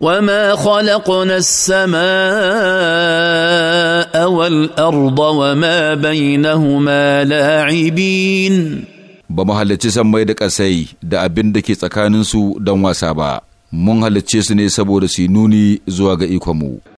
وما خلقنا السماء والأرض وما بينهما لاعبين ba mu halicci sammai da ƙasai da abin da ke tsakaninsu don wasa ba, mun halicce su ne saboda su nuni zuwa ga ikonmu.